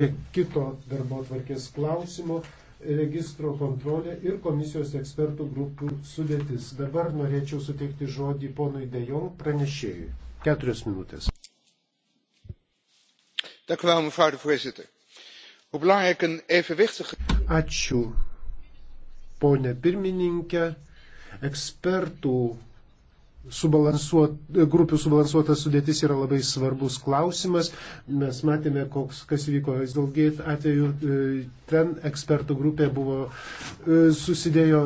prie kito darbo tvarkės klausimo registro kontrolė ir komisijos ekspertų grupių sudėtis. Dabar norėčiau suteikti žodį ponui Dejong pranešėjui. Keturios minutės. Ačiū, ponė pirmininkė. Ekspertų subalansuot, grupių subalansuota sudėtis yra labai svarbus klausimas. Mes matėme, koks, kas įvyko Isdalgate atveju. E, ten ekspertų grupė buvo, e, susidėjo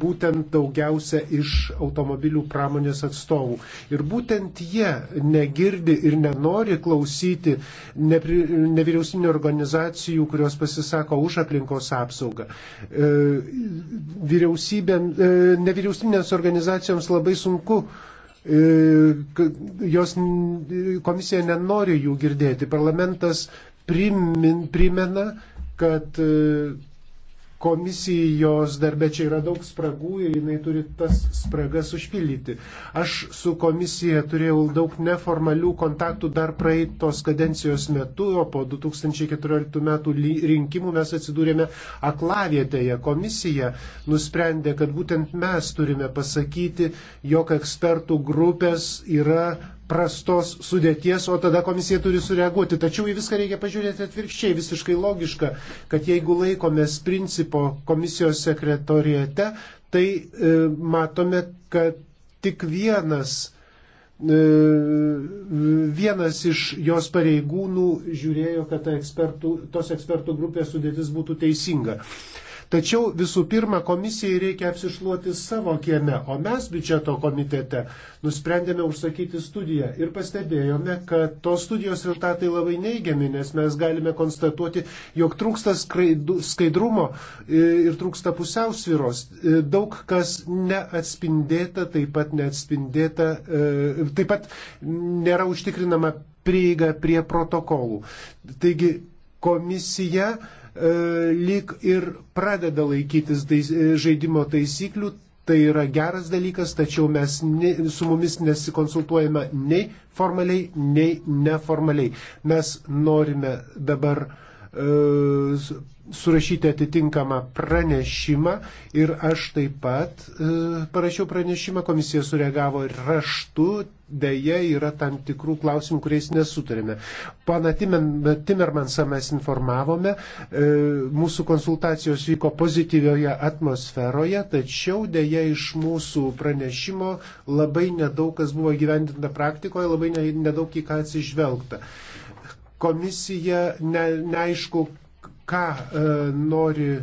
būtent daugiausia iš automobilių pramonės atstovų. Ir būtent jie negirdi ir nenori klausyti nevyriausybinio organizacijų, kurios pasisako už aplinkos apsaugą. E, Nevyriausybinės organizacijoms labai sunku tačiau e, jos e, komisija nenori jų girdėti. Parlamentas primin, primena, kad e, Komisijos darbė čia yra daug spragų ir jinai turi tas spragas užpildyti. Aš su komisija turėjau daug neformalių kontaktų dar praeitos kadencijos metu, o po 2014 metų rinkimų mes atsidūrėme aklavietėje. Komisija nusprendė, kad būtent mes turime pasakyti, jog ekspertų grupės yra prastos sudėties, o tada komisija turi sureaguoti. Tačiau į viską reikia pažiūrėti atvirkščiai, visiškai logiška, kad jeigu laikomės principo komisijos sekretorijate, tai e, matome, kad tik vienas, e, vienas iš jos pareigūnų žiūrėjo, kad ta ekspertų, tos ekspertų grupės sudėtis būtų teisinga. E, Tačiau visų pirma, komisijai reikia apsišluoti savo kieme, o mes biudžeto komitete nusprendėme užsakyti studiją ir pastebėjome, kad tos studijos rezultatai labai neigiami, nes mes galime konstatuoti, jog trūksta skaidrumo ir trūksta pusiausviros. Daug kas neatspindėta, taip pat neatspindėta, e, taip pat nėra užtikrinama prieiga prie protokolų. Taigi komisija E, lyg ir pradeda laikytis e, žaidimo taisyklių. Tai yra geras dalykas, tačiau mes ne, su mumis nesikonsultuojame nei formaliai, nei neformaliai. Mes norime dabar uh, E, surašyti atitinkamą pranešimą ir aš taip pat e, parašiau pranešimą, komisija sureagavo ir raštu, dėje yra tam tikrų klausimų, kuriais nesutarėme. Pana Timermansą mes informavome, e, mūsų konsultacijos vyko pozityvioje atmosferoje, tačiau dėje iš mūsų pranešimo labai nedaug kas buvo gyvendinta praktikoje, labai nedaug į ką atsižvelgta. Komisija ne, neaišku, ką e, nori e,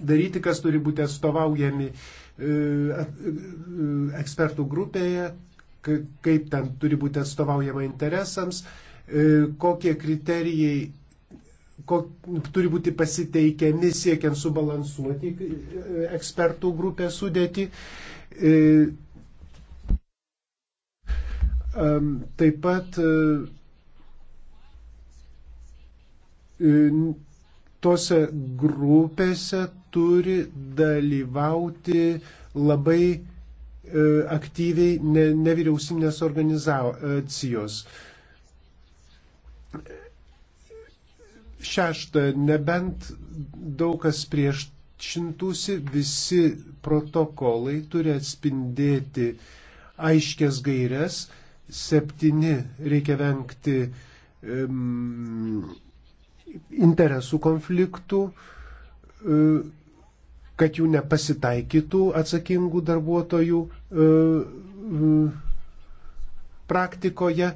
daryti, kas turi būti atstovaujami e, e ekspertų grupėje, kaip ten turi būti atstovaujama interesams, e, kokie kriterijai kok, turi būti pasiteikiami siekiant subalansuoti e, ekspertų grupę sudėti. E, taip pat E, tose grupėse turi dalyvauti labai e, aktyviai ne, nevyriausybinės organizacijos. Šešta, nebent daug kas prieš šintųsi, visi protokolai turi atspindėti aiškės gairias. Septini reikia vengti um, interesų konfliktų, e, kad jų nepasitaikytų atsakingų darbuotojų e, e, praktikoje.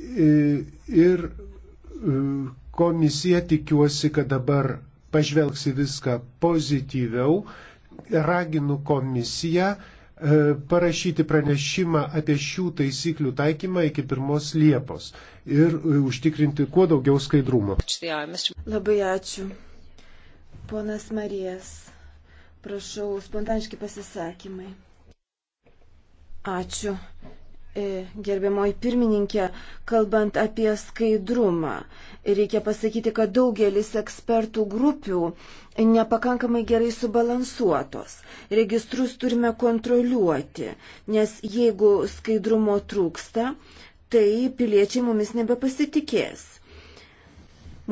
Ir komisija tikiuosi, kad dabar pažvelgsi viską pozityviau. Raginu komisiją E, parašyti pranešimą apie šių taisyklių taikymą iki 1 Liepos ir e, užtikrinti kuo daugiau skaidrumo. Labai ačiū. Ponas Marijas, prašau, spontaniški pasisakymai. Ačiū. E, gerbiamoji pirmininkė, kalbant apie skaidrumą, reikia pasakyti, kad daugelis ekspertų grupių nepakankamai gerai subalansuotos. Registrus turime kontroliuoti, nes jeigu skaidrumo trūksta, tai piliečiai mumis nebepasitikės.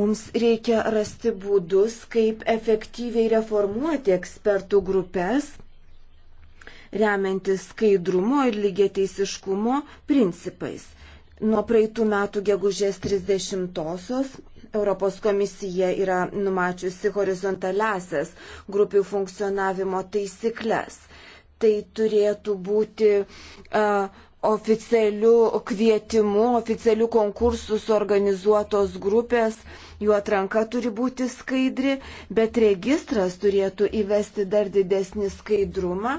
Mums reikia rasti būdus, kaip efektyviai reformuoti ekspertų grupės remiantis skaidrumo ir lygiateisiškumo principais. Nuo praeitų metų gegužės 30-osios Europos komisija yra numačiusi horizontaliasias grupių funkcionavimo taisyklės. Tai turėtų būti uh, oficialių kvietimų, oficialių konkursų suorganizuotos grupės, jų atranka turi būti skaidri, bet registras turėtų įvesti dar didesnį skaidrumą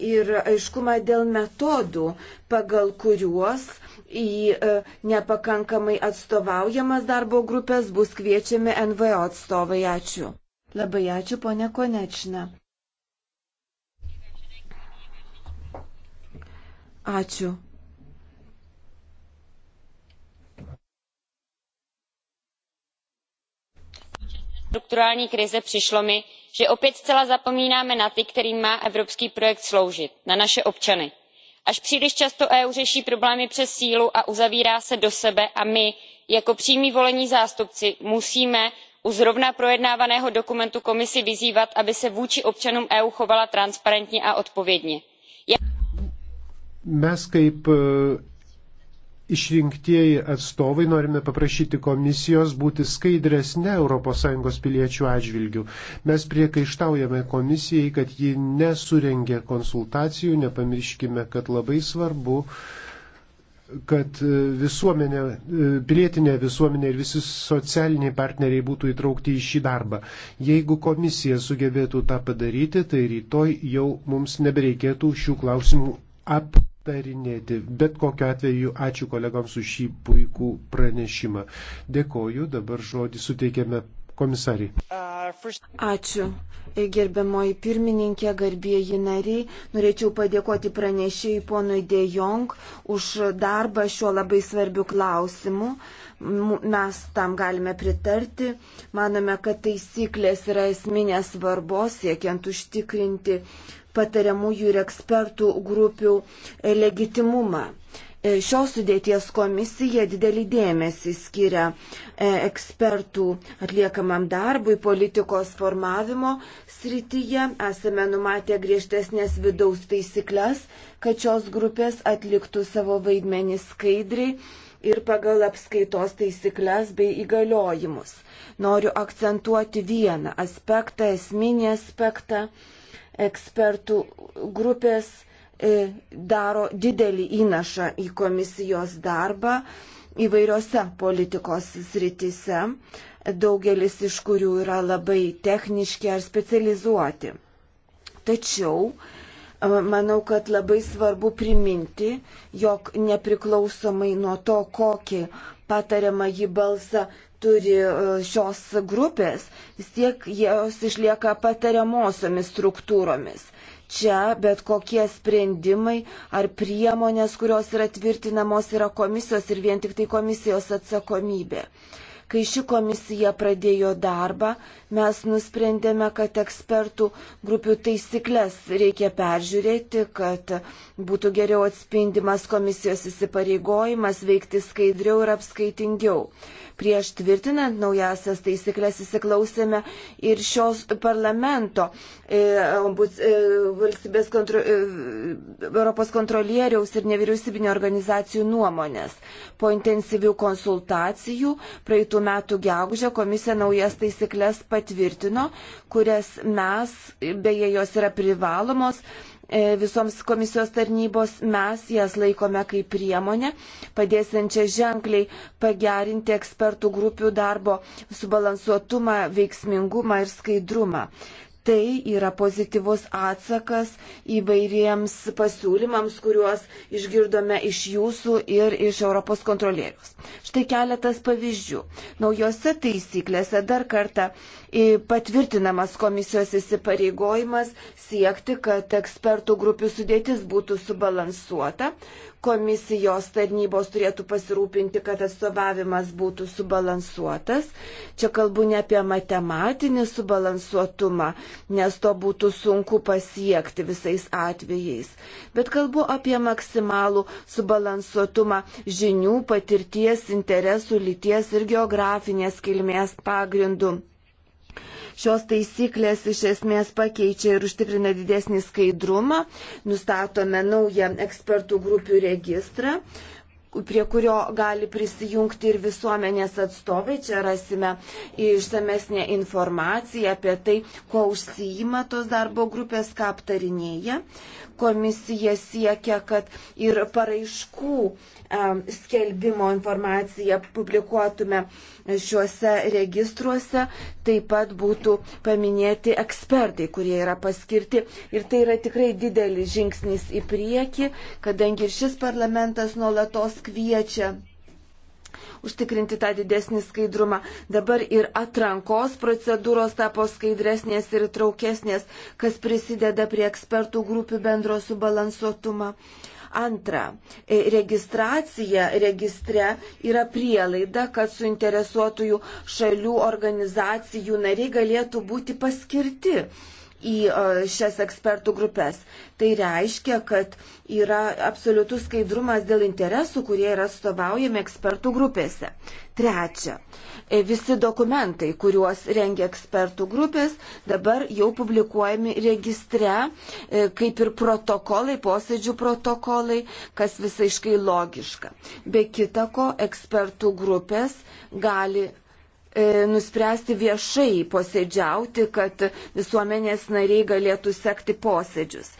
ir aiškumą dėl metodų, pagal kuriuos į e, nepakankamai atstovaujamas darbo grupės bus kviečiami NVO atstovai. Ačiū. Labai ačiū, ponė Konečna. Ačiū. strukturální krize přišlo mi že opět zcela zapomínáme na ty kterým má evropský projekt sloužit na naše občany. až příliš často eu řeší problémy přes sílu a uzavírá se do sebe a my jako přímí volení zástupci musíme u zrovna projednávaného dokumentu komisi vyzývat aby se vůči občanům eu chovala transparentně a odpovědně. mes kaip išrinktieji atstovai norime paprašyti komisijos būti skaidresne ES piliečių atžvilgių. Mes priekaištaujame komisijai, kad ji nesurengė konsultacijų, nepamirškime, kad labai svarbu kad e, visuomenė, e, pilietinė visuomenė ir visi socialiniai partneriai būtų įtraukti į šį darbą. Jeigu komisija sugebėtų tą padaryti, tai rytoj jau mums nebereikėtų šių klausimų aptarti aptarinėti. Bet kokiu atveju ačiū kolegams už šį puikų pranešimą. Dėkoju, dabar žodį suteikėme komisariai. Ačiū. Gerbiamoji pirmininkė, garbėjai nariai, norėčiau padėkoti pranešėjai ponui Dejong už darbą šiuo labai svarbiu klausimu. Mes tam galime pritarti. Manome, kad taisyklės yra esminės svarbos, siekiant užtikrinti patariamųjų ir ekspertų grupių legitimumą. E, šios sudėties komisija didelį dėmesį skiria e, ekspertų atliekamam darbui politikos formavimo srityje. Esame numatę griežtesnės vidaus taisyklės, kad šios grupės atliktų savo vaidmenį skaidriai ir pagal apskaitos taisyklės bei įgaliojimus. Noriu akcentuoti vieną aspektą, esminį aspektą ekspertų grupės E, daro didelį įnašą į komisijos darbą įvairiose politikos sritise, daugelis iš kurių yra labai techniški ar specializuoti. Tačiau e, manau, kad labai svarbu priminti, jog nepriklausomai nuo to, kokį patariamą jį balsą turi e, šios grupės, vis tiek jos išlieka patariamosiomis struktūromis čia bet kokie sprendimai ar priemonės, kurios yra tvirtinamos, yra komisijos ir vien tik tai komisijos atsakomybė. Uh, Kai ši komisija pradėjo darbą, mes nusprendėme, kad ekspertų grupių taisyklės reikia peržiūrėti, kad būtų geriau atspindimas komisijos įsipareigojimas veikti skaidriau ir apskaitingiau. Prieš tvirtinant naujasias taisyklės įsiklausėme ir šios parlamento e, ombus, e, valstybės kontro, e, Europos kontrolieriaus ir nevyriausybinio organizacijų nuomonės. Po intensyvių konsultacijų praeitų 2009 m. gegužę komisija naujas taisyklės patvirtino, kurias mes, beje, jos yra privalomos e, visoms komisijos tarnybos, mes jas laikome kaip priemonę, padėsiančią ženkliai pagerinti ekspertų grupių darbo subalansuotumą, veiksmingumą ir skaidrumą tai yra pozityvus atsakas įvairiems pasiūlymams, kuriuos išgirdome iš jūsų ir iš Europos kontrolierius. Štai keletas pavyzdžių. Naujose taisyklėse dar kartą patvirtinamas komisijos įsipareigojimas siekti, kad ekspertų grupių sudėtis būtų subalansuota. Komisijos tarnybos turėtų pasirūpinti, kad atstovavimas būtų subalansuotas. Čia kalbu ne apie matematinį subalansuotumą, nes to būtų sunku pasiekti visais atvejais, bet kalbu apie maksimalų subalansuotumą žinių, patirties, interesų, lyties ir geografinės kilmės pagrindų. Šios taisyklės iš esmės pakeičia ir užtikrina didesnį skaidrumą. Nustatome naują ekspertų grupių registrą prie kurio gali prisijungti ir visuomenės atstovai. Čia rasime išsamesnę informaciją apie tai, kuo užsijima tos darbo grupės, ką aptarinėja. Komisija siekia, kad ir paraiškų Um, skelbimo informaciją publikuotume šiuose registruose, taip pat būtų paminėti ekspertai, kurie yra paskirti. Ir tai yra tikrai didelis žingsnis į priekį, kadangi ir šis parlamentas nuolatos kviečia užtikrinti tą didesnį skaidrumą. Dabar ir atrankos procedūros tapo skaidresnės ir traukesnės, kas prisideda prie ekspertų grupių bendro subalansuotumą. Antra, e, registracija registre yra prielaida, kad suinteresuotųjų šalių organizacijų nariai galėtų būti paskirti į e, šias ekspertų grupės. Tai reiškia, kad yra absoliutus skaidrumas dėl interesų, kurie yra atstovaujami ekspertų grupėse. Trečia, e, visi dokumentai, kuriuos rengia ekspertų grupės, dabar jau publikuojami registre, e, kaip ir protokolai, posėdžių protokolai, kas visaiškai logiška. Be kita ko, ekspertų grupės gali E, nuspręsti viešai posėdžiauti, kad visuomenės nariai galėtų sekti posėdžius.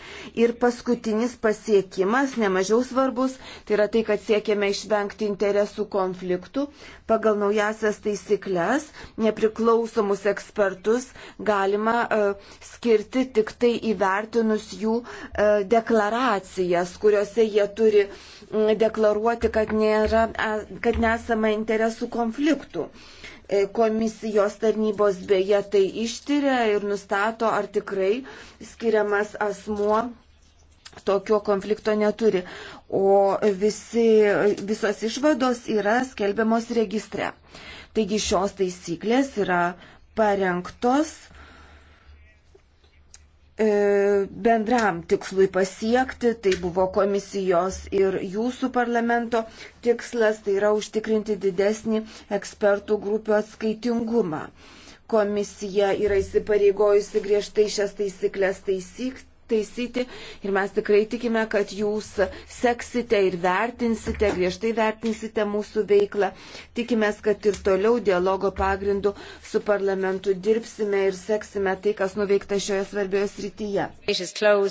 Ir paskutinis pasiekimas, nemažiau svarbus, tai yra tai, kad siekėme išvengti interesų konfliktų. Pagal naujasias taisyklės nepriklausomus ekspertus galima uh, skirti tik tai įvertinus jų uh, deklaracijas, kuriuose jie turi deklaruoti, kad, nėra, kad nesama interesų konfliktų. Uh, E, komisijos tarnybos beje tai ištiria ir nustato, ar tikrai skiriamas asmuo tokio konflikto neturi. O visi, visos išvados yra skelbiamos registre. Taigi šios taisyklės yra parengtos E, bendram tikslui pasiekti, tai buvo komisijos ir jūsų parlamento tikslas, tai yra užtikrinti didesnį ekspertų grupių atskaitingumą. Komisija yra įsipareigojusi griežtai šias taisyklės taisykti taisyti ir mes tikrai tikime, kad jūs seksite ir vertinsite, griežtai vertinsite mūsų veiklą. Tikimės, kad ir toliau dialogo pagrindu su parlamentu dirbsime ir seksime tai, kas nuveikta šioje svarbioje srityje.